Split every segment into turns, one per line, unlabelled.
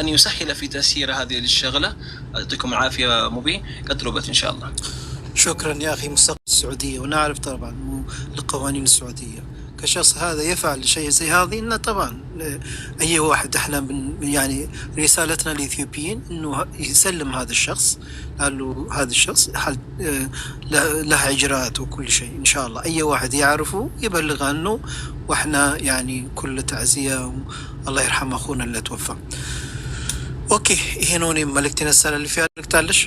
ان يسهل في تسيير هذه الشغله يعطيكم العافيه مبي قد ربت ان شاء الله
شكرا يا اخي مستقبل السعوديه ونعرف طبعا القوانين السعوديه كشخص هذا يفعل شيء زي هذه انه طبعا اي واحد احنا من يعني رسالتنا الاثيوبيين انه يسلم هذا الشخص قالوا هذا الشخص له اجراءات وكل شيء ان شاء الله اي واحد يعرفه يبلغ عنه واحنا يعني كل تعزيه الله يرحم اخونا اللي توفى.
ኦኬ፣ ይሄ ነው እኔ መልእክት የነሳለልፍ ያልክታለሽ።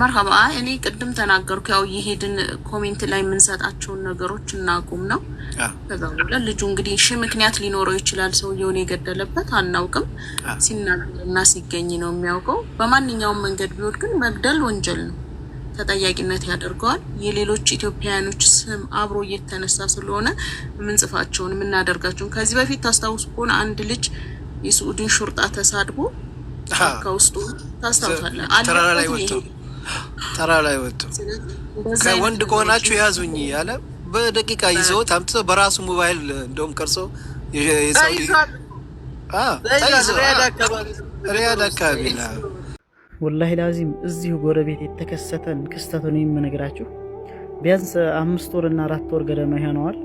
መርሀባ እኔ ቅድም ተናገርኩ። ያው የሄድን ኮሜንት ላይ የምንሰጣቸውን ነገሮች እናቁም ነው። ከዛ በኋላ ልጁ እንግዲህ ሺህ ምክንያት ሊኖረው ይችላል። ሰውየውን የገደለበት አናውቅም። ሲናገርና ሲገኝ ነው የሚያውቀው። በማንኛውም መንገድ ቢሆን ግን መግደል ወንጀል ነው፣ ተጠያቂነት ያደርገዋል። የሌሎች ኢትዮጵያውያኖች ስም አብሮ እየተነሳ ስለሆነ የምንጽፋቸውን የምናደርጋቸውን ከዚህ በፊት ታስታውስ ከሆነ አንድ ልጅ የስዑዲ ሹርጣ ተሳድቦ ከውስጡ ታስታውሳለህ።
ላይ ከሆናችሁ ያዙኝ ያለ በደቂቃ ይዘውት አምጥተው በራሱ ሞባይል እንደውም ቀርጾ ሪያድ አካባቢ
ወላሂ ላዚም እዚሁ ጎረቤት የተከሰተን ክስተቱን የምነግራችሁ ቢያንስ አምስት እና አራት ወር ገደማ ይሆነዋል።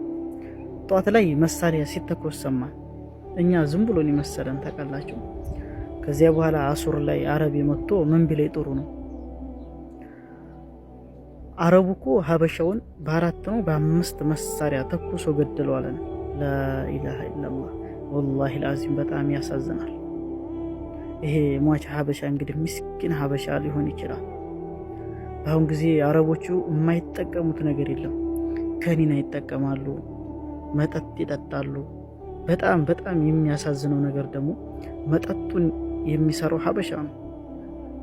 ጠዋት ላይ መሳሪያ ሲተኮስ ሰማን። እኛ ዝም ብሎን የመሰለን ታውቃላችሁ። ከዚያ በኋላ አሱር ላይ አረብ የመጥቶ ምን ቢላይ ጥሩ ነው። አረቡ እኮ ሀበሻውን በአራት ነው በአምስት መሳሪያ ተኩሶ ገደለው አለን። ላኢላሃ ኢላላህ ወላሂ ልአዚም በጣም ያሳዝናል። ይሄ ሟች ሀበሻ እንግዲህ ምስኪን ሀበሻ ሊሆን ይችላል። በአሁን ጊዜ አረቦቹ የማይጠቀሙት ነገር የለም። ከኒና ይጠቀማሉ፣ መጠጥ ይጠጣሉ። በጣም በጣም የሚያሳዝነው ነገር ደግሞ መጠጡን የሚሰራው ሀበሻ ነው።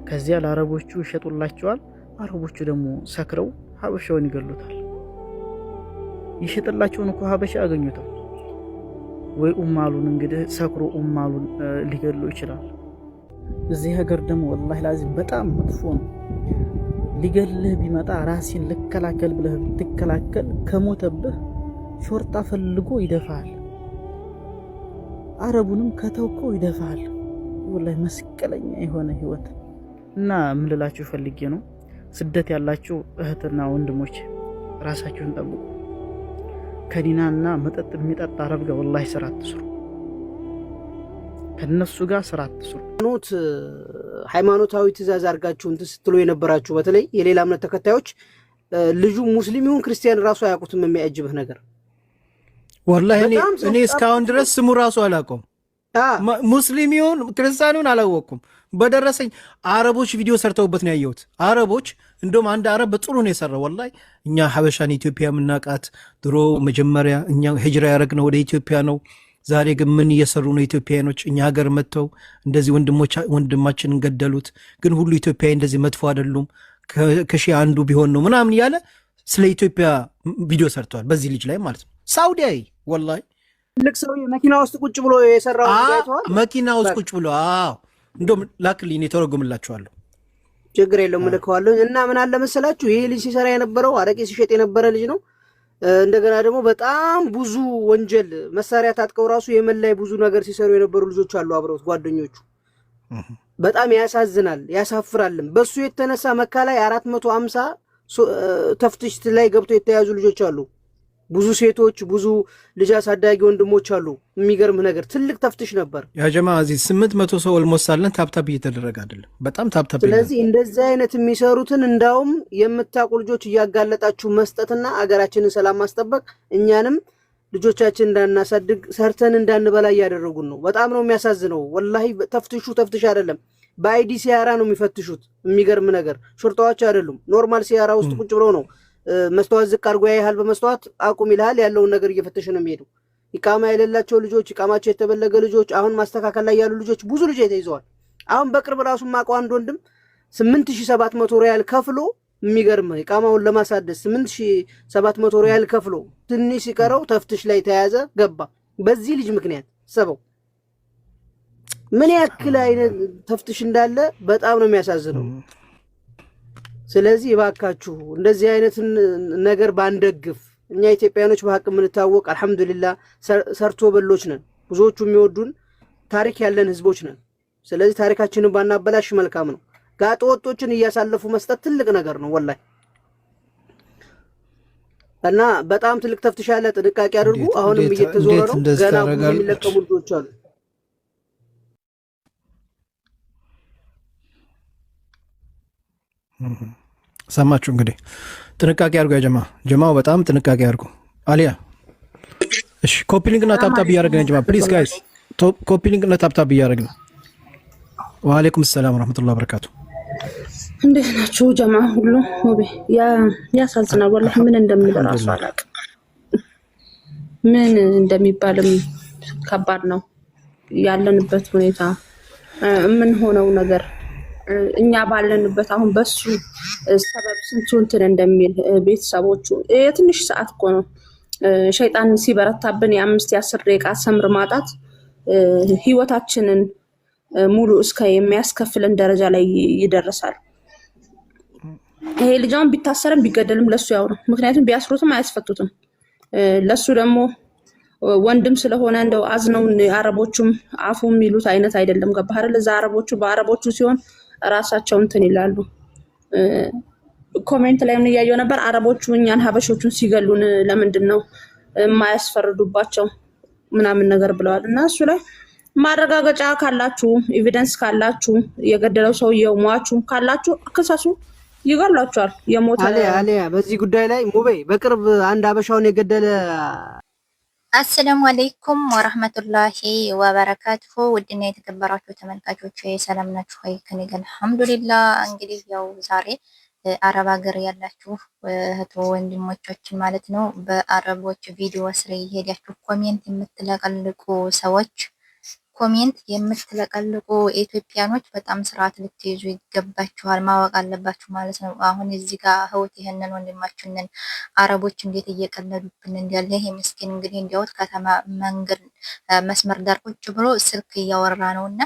ከዚያ ለአረቦቹ ይሸጡላቸዋል። አረቦቹ ደግሞ ሰክረው ሀበሻውን ይገሉታል። ይሸጥላቸውን እኮ ሀበሻ ያገኙታል። ወይ ኡማሉን እንግዲህ ሰክሮ ኡማሉን ሊገሉ ይችላል። እዚህ ሀገር ደግሞ ወላሂ ላዚም በጣም መጥፎ ነው። ሊገልህ ቢመጣ ራሴን ልከላከል ብለህ ብትከላከል ከሞተብህ ሾርጣ ፈልጎ ይደፋል። አረቡንም ከተውኮ ይደፋል። ወላሂ መስቀለኛ የሆነ ህይወት እና ምልላችሁ ፈልጌ ነው። ስደት ያላችሁ እህትና ወንድሞች ራሳችሁን ጠብቁ። እና መጠጥ የሚጠጣ አረብ ጋር ወላሂ ስራ አትስሩ። ከነሱ ጋር ስራ አትስሩ።
ሃይማኖታዊ ትእዛዝ አድርጋችሁ እንትን ስትሉ የነበራችሁ በተለይ የሌላ እምነት ተከታዮች ልጁ ሙስሊም ይሁን ክርስቲያን ራሱ አያውቁትም የሚያጅብህ ነገር
ወላሂ እኔ እስካሁን ድረስ ስሙ ራሱ አላውቀውም። ሙስሊም ይሁን ክርስቲያኑን አላወቅኩም። በደረሰኝ አረቦች ቪዲዮ ሰርተውበት ነው ያየሁት። አረቦች እንደውም አንድ አረብ በጥሩ ነው የሰራው። ወላሂ እኛ ሀበሻን ኢትዮጵያ የምናውቃት ድሮ መጀመሪያ እኛ ሂጅራ ያደረግነው ወደ ኢትዮጵያ ነው። ዛሬ ግን ምን እየሰሩ ነው ኢትዮጵያኖች? እኛ ሀገር መጥተው እንደዚህ ወንድማችንን ገደሉት። ግን ሁሉ ኢትዮጵያዊ እንደዚህ መጥፎ አይደሉም፣ ከሺ አንዱ ቢሆን ነው ምናምን እያለ ስለ ኢትዮጵያ ቪዲዮ ሰርተዋል። በዚህ ልጅ ላይ ማለት ነው ሳውዲያዊ ወላሂ
ትልቅ ሰው መኪና ውስጥ ቁጭ ብሎ የሰራው
መኪና ውስጥ ቁጭ ብሎ አዎ፣ እንደውም ላክልኝ የተረጉምላችኋለሁ።
ችግር የለውም እልከዋለሁ። እና ምን አለ መሰላችሁ ይሄ ልጅ ሲሰራ የነበረው አረቄ ሲሸጥ የነበረ ልጅ ነው። እንደገና ደግሞ በጣም ብዙ ወንጀል መሳሪያ ታጥቀው ራሱ የመን ላይ ብዙ ነገር ሲሰሩ የነበሩ ልጆች አሉ አብረውት ጓደኞቹ። በጣም ያሳዝናል ያሳፍራልም። በሱ የተነሳ መካ ላይ አራት መቶ ሀምሳ ተፍትሽ ላይ ገብቶ የተያዙ ልጆች አሉ። ብዙ ሴቶች ብዙ ልጅ አሳዳጊ ወንድሞች አሉ። የሚገርም ነገር ትልቅ ተፍትሽ ነበር
ያጀማ እዚህ ስምንት መቶ ሰው ልሞሳለን ታብታብ እየተደረገ አይደለም፣ በጣም ታብታብ።
ስለዚህ እንደዚህ አይነት የሚሰሩትን እንዳውም የምታውቁ ልጆች እያጋለጣችሁ መስጠትና አገራችንን ሰላም ማስጠበቅ እኛንም ልጆቻችን እንዳናሳድግ ሰርተን እንዳንበላ እያደረጉን ነው። በጣም ነው የሚያሳዝነው። ወላሂ ተፍትሹ ተፍትሽ አይደለም፣ በአይዲ ሲያራ ነው የሚፈትሹት። የሚገርም ነገር ሹርጣዎች አይደሉም፣ ኖርማል ሲያራ ውስጥ ቁጭ ብለው ነው መስተዋት ዝቅ አድርጎ ያይሃል። በመስተዋት አቁም ይልሃል። ያለውን ነገር እየፈተሽ ነው የሚሄደው። ይቃማ የሌላቸው ልጆች፣ ይቃማቸው የተበለገ ልጆች፣ አሁን ማስተካከል ላይ ያሉ ልጆች ብዙ ልጅ ተይዘዋል። አሁን በቅርብ ራሱ ማቀው አንድ ወንድም ስምንት ሺ ሰባት መቶ ሪያል ከፍሎ የሚገርም ኢቃማውን ለማሳደስ ስምንት ሺ ሰባት መቶ ሪያል ከፍሎ ትንሽ ሲቀረው ተፍትሽ ላይ ተያዘ ገባ። በዚህ ልጅ ምክንያት ሰበው ምን ያክል አይነት ተፍትሽ እንዳለ በጣም ነው የሚያሳዝነው። ስለዚህ እባካችሁ እንደዚህ አይነትን ነገር ባንደግፍ። እኛ ኢትዮጵያኖች በሀቅ የምንታወቅ አልሐምዱሊላ ሰርቶ በሎች ነን። ብዙዎቹ የሚወዱን ታሪክ ያለን ህዝቦች ነን። ስለዚህ ታሪካችንን ባናበላሽ መልካም ነው። ጋጠ ወጦችን እያሳለፉ መስጠት ትልቅ ነገር ነው ወላሂ። እና በጣም ትልቅ ተፍትሻ ያለ ጥንቃቄ አድርጉ። አሁንም እየተዞረ ነው። ገና የሚለቀሙ ልጆች አሉ።
ሰማችሁ እንግዲህ ጥንቃቄ አድርጉ። ያጀማ ጀማው በጣም ጥንቃቄ አድርጉ። አሊያ እሺ፣ ኮፒ ሊንክ እና ታብታብ እያደረግን ጀማ ፕሊዝ ጋይስ፣ ኮፒ ሊንክ እና ታብታብ እያደረግን። ወአለይኩም ሰላም ወራህመቱላሂ ወበረካቱ።
እንዴት ናችሁ ጀማ? ሁሉ ያ ያሳዝናል። ወላሂ ምን እንደሚል አላውቅም። ምን እንደሚባልም ከባድ ነው ያለንበት ሁኔታ፣ የምንሆነው ነገር እኛ ባለንበት አሁን በሱ ሰበብ ስንቱ እንትን እንደሚል ቤተሰቦቹ የትንሽ ሰዓት እኮ ነው። ሸይጣን ሲበረታብን የአምስት የአስር ደቂቃ ሰምር ማጣት ህይወታችንን ሙሉ እስከ የሚያስከፍለን ደረጃ ላይ ይደርሳል። ይሄ ልጃውን ቢታሰርም ቢገደልም ለሱ ያው ነው። ምክንያቱም ቢያስሩትም አያስፈቱትም። ለሱ ደግሞ ወንድም ስለሆነ እንደው አዝነውን አረቦቹም አፉ የሚሉት አይነት አይደለም። ገባህ አይደል? እዛ አረቦቹ በአረቦቹ ሲሆን ራሳቸው እንትን ይላሉ። ኮሜንት ላይ ምን እያየው ነበር? አረቦቹ እኛን ሀበሾቹን ሲገሉን ለምንድን ነው የማያስፈርዱባቸው ምናምን ነገር ብለዋል። እና እሱ ላይ ማረጋገጫ ካላችሁ ኤቪደንስ ካላችሁ የገደለው ሰውየው ሟቹ ካላችሁ ክሰሱ፣ ይገሏቸዋል። የሞት
አሊያ በዚህ ጉዳይ ላይ ሙቤ በቅርብ አንድ ሀበሻውን የገደለ
አሰላሙ አሌይኩም ወረህመቱላሂ ወበረካቱሁ ውድና የተከበራችሁ ተመልካቾች ሰላም ናችሁ ወይ? ከኔ ጋር አልሐምዱሊላህ። እንግዲህ ያው ዛሬ አረብ ሀገር ያላችሁ እህቶ ወንድሞቻችን ማለት ነው በአረቦች ቪዲዮ ስር እየሄዳችሁ ኮሜንት የምትለቀልቁ ሰዎች ኮሜንት የምትለቀልቁ ኢትዮጵያኖች በጣም ስርዓት ልትይዙ ይገባችኋል፣ ማወቅ አለባችሁ ማለት ነው። አሁን እዚህ ጋር ህይወት ይህንን ወንድማችንን አረቦች እንዴት እየቀለዱብን እንዲያለ ይሄ ምስኪን እንግዲህ እንዲያውት ከተማ መንገድ መስመር ዳር ቁጭ ብሎ ስልክ እያወራ ነው እና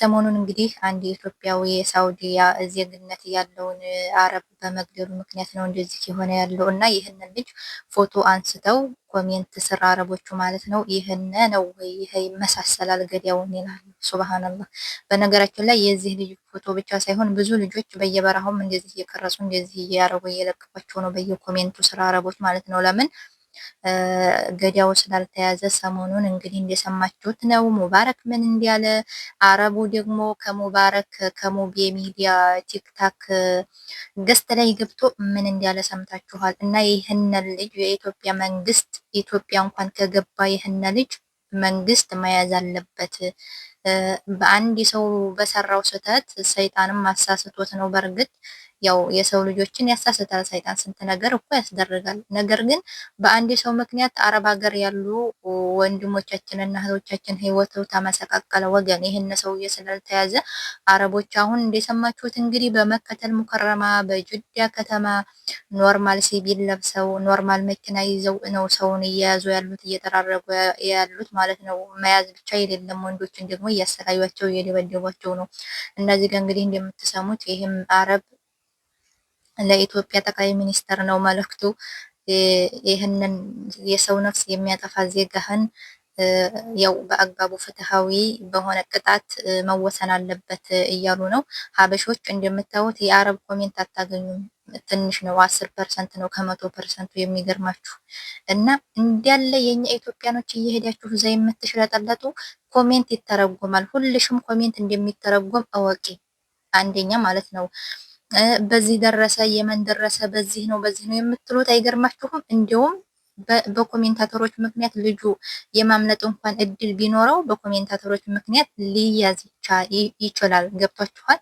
ሰሞኑን እንግዲህ አንድ ኢትዮጵያዊ የሳውዲ ዜግነት ያለውን አረብ በመግደሉ ምክንያት ነው እንደዚህ የሆነ ያለው እና ይህንን ልጅ ፎቶ አንስተው ኮሜንት ስር አረቦቹ ማለት ነው ይህን ነው ወይ ይህ ይመሳሰላል ገዲያውን ይላሉ። ሱብሃንላ በነገራችን ላይ የዚህ ልጅ ፎቶ ብቻ ሳይሆን ብዙ ልጆች በየበረሃውም እንደዚህ እየቀረጹ እንደዚህ እያረጉ እየለቀቋቸው ነው በየኮሜንቱ ስራ አረቦች ማለት ነው ለምን ገዳው ስላልተያዘ ሰሞኑን እንግዲህ እንደሰማችሁት ነው። ሙባረክ ምን እንዲያለ አረቡ ደግሞ ከሙባረክ ከሙቤ ሚዲያ ቲክታክ ገስት ላይ ገብቶ ምን እንዲያለ ሰምታችኋል። እና ይህን ልጅ የኢትዮጵያ መንግስት ኢትዮጵያ እንኳን ከገባ ይህን ልጅ መንግስት መያዝ አለበት። በአንድ ሰው በሰራው ስህተት ሰይጣንም አሳስቶት ነው በእርግጥ ያው የሰው ልጆችን ያሳስታል ሰይጣን ስንት ነገር እኮ ያስደርጋል። ነገር ግን በአንድ ሰው ምክንያት አረብ ሀገር ያሉ ወንድሞቻችን እና እህቶቻችን ህይወቱ ተመሰቃቀለ። ወገን ይህን ሰውዬ ስላልተያዘ አረቦች አሁን እንደሰማችሁት እንግዲህ በመከተል ሙከረማ በጁዳ ከተማ ኖርማል ሲቪል ለብሰው ኖርማል መኪና ይዘው ነው ሰውን እየያዙ ያሉት እየጠራረጉ ያሉት ማለት ነው። መያዝ ብቻ የሌለም ወንዶችን ደግሞ እያሰቃዩቸው እየደበደቧቸው ነው። እነዚህ ጋር እንግዲህ እንደምትሰሙት ይህም አረብ ለኢትዮጵያ ጠቅላይ ሚኒስትር ነው መልእክቱ። ይህንን የሰው ነፍስ የሚያጠፋ ዜጋህን ያው በአግባቡ ፍትሃዊ በሆነ ቅጣት መወሰን አለበት እያሉ ነው። ሀበሾች እንደምታዩት የአረብ ኮሜንት አታገኙም። ትንሽ ነው፣ አስር ፐርሰንት ነው ከመቶ ፐርሰንቱ የሚገርማችሁ እና እንዲያለ የኛ ኢትዮጵያኖች እየሄዳችሁ እዛ የምትሽለጠለጡ ኮሜንት ይተረጎማል። ሁልሽም ኮሜንት እንደሚተረጎም እወቂ። አንደኛ ማለት ነው በዚህ ደረሰ የመን ደረሰ በዚህ ነው በዚህ ነው የምትሉት አይገርማችሁም? እንዲሁም በኮሜንታተሮች ምክንያት ልጁ የማምለጥ እንኳን እድል ቢኖረው በኮሜንታተሮች ምክንያት ሊያዝ ይችላል። ገብቷችኋል?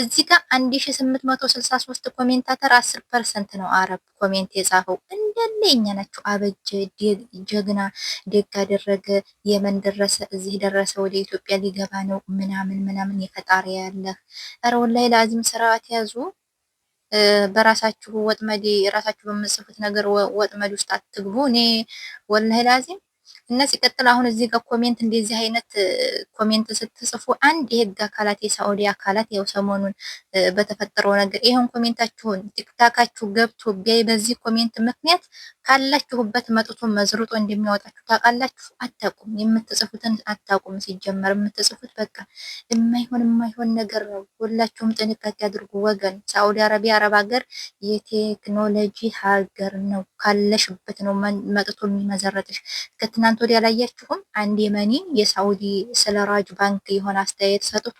እዚህ ጋር 1863 ኮሜንታተር 10 ፐርሰንት ነው አረብ ኮሜንት የጻፈው። እንደለ እኛ ናቸው። አበጀ ጀግና፣ ደግ አደረገ፣ የመን ደረሰ፣ እዚህ ደረሰ፣ ወደ ኢትዮጵያ ሊገባ ነው ምናምን ምናምን። የፈጣሪ ያለህ ረውን ላይ ለአዚም ስርዓት ያዙ በራሳችሁ ወጥመድ ራሳችሁ በምጽፉት ነገር ወጥመድ ውስጥ አትግቡ። እኔ ወላሂ ላዚም እና ሲቀጥል አሁን እዚህ ጋር ኮሜንት እንደዚህ አይነት ኮሜንት ስትጽፉ አንድ የህግ አካላት የሳዑዲ አካላት ያው ሰሞኑን በተፈጠረው ነገር ይሄን ኮሜንታችሁን ቲክታካችሁ ገብቶ ቢያይ በዚህ ኮሜንት ምክንያት ካላችሁበት መጥቶ መዝርጦ እንደሚያወጣችሁ ታውቃላችሁ። አታውቁም፣ የምትጽፉትን አታውቁም። ሲጀመር የምትጽፉት በቃ የማይሆን የማይሆን ነገር ነው። ሁላችሁም ጥንቃቄ አድርጉ ወገን። ሳዑዲ አረቢያ አረብ ሀገር የቴክኖሎጂ ሀገር ነው። ካለሽበት ነው መጥቶ የሚመዘረጥሽ ከትናንት ከትናንት ወዲያ አላያችሁም? አንድ የመኒ የሳውዲ ስለ ራጅ ባንክ የሆነ አስተያየት ሰጥቶ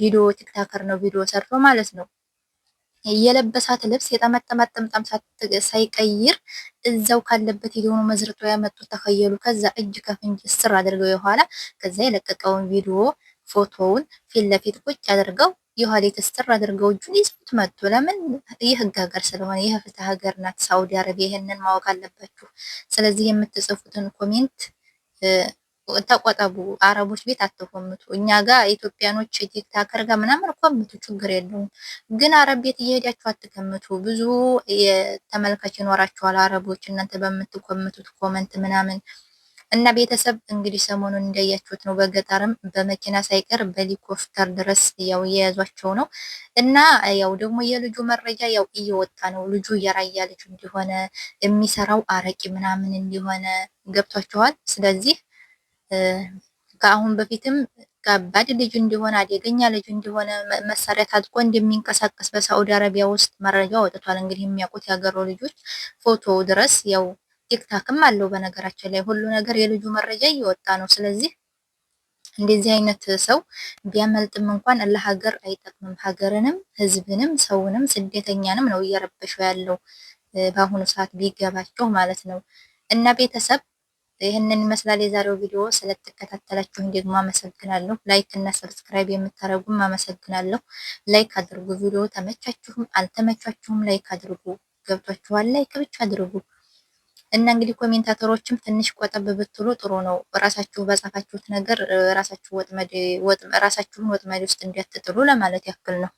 ቪዲዮ ቲክታከር ነው ቪዲዮ ሰርቶ ማለት ነው የለበሳት ልብስ የጠመጠማት ሳይቀይር እዛው ካለበት የሆኑ መዝርቶ ያመጡት ተከየሉ። ከዛ እጅ ከፍንጅ ስር አድርገው የኋላ ከዛ የለቀቀውን ቪዲዮ ፎቶውን ፊት ለፊት ቁጭ አድርገው የኋሊት ስጥር አድርገው እጁን ይዘውት መጡ። ለምን? የህግ ሀገር ስለሆነ ይህ ፍትህ ሀገር ናት ሳውዲ አረቢያ። ይህንን ማወቅ አለባችሁ። ስለዚህ የምትጽፉትን ኮሜንት ተቆጠቡ። አረቦች ቤት አትኮምቱ። እኛ ጋር ኢትዮጵያኖች ቲክታከር ጋር ምናምን ኮምቱ፣ ችግር የለውም። ግን አረብ ቤት እየሄዳችሁ አትከምቱ። ብዙ ተመልካች ይኖራችኋል አረቦች፣ እናንተ በምትኮምቱት ኮመንት ምናምን እና ቤተሰብ እንግዲህ ሰሞኑን እንዳያችሁት ነው። በገጠርም በመኪና ሳይቀር በሄሊኮፍተር ድረስ ያው እየያዟቸው ነው። እና ያው ደግሞ የልጁ መረጃ ያው እየወጣ ነው። ልጁ የራያ ልጅ እንዲሆነ የሚሰራው አረቂ ምናምን እንዲሆነ ገብቷቸዋል። ስለዚህ ከአሁን በፊትም ከባድ ልጅ እንዲሆነ አደገኛ ልጅ እንዲሆነ መሳሪያ ታጥቆ እንደሚንቀሳቀስ በሳዑዲ አረቢያ ውስጥ መረጃ ወጥቷል። እንግዲህ የሚያውቁት የሀገሩ ልጆች ፎቶ ድረስ ያው ቲክታክም አለው። በነገራችን ላይ ሁሉ ነገር የልጁ መረጃ እየወጣ ነው። ስለዚህ እንደዚህ አይነት ሰው ቢያመልጥም እንኳን ለሀገር አይጠቅምም። ሀገርንም፣ ህዝብንም፣ ሰውንም ስደተኛንም ነው እየረበሸው ያለው በአሁኑ ሰዓት ቢገባቸው ማለት ነው። እና ቤተሰብ ይህንን ይመስላል የዛሬው ቪዲዮ። ስለተከታተላችሁኝ ደግሞ አመሰግናለሁ። ላይክ እና ሰብስክራይብ የምታደርጉም አመሰግናለሁ። ላይክ አድርጉ። ቪዲዮ ተመቻችሁም አልተመቻችሁም ላይክ አድርጉ። ገብቷችኋል? ላይክ ብቻ አድርጉ። እና እንግዲህ ኮሜንታተሮችም ትንሽ ቆጠብ ብትሉ ጥሩ ነው። ራሳችሁ በጻፋችሁት ነገር ራሳችሁ ወጥመድ ራሳችሁን ወጥመድ ውስጥ እንዲያትጥሉ ለማለት ያክል ነው።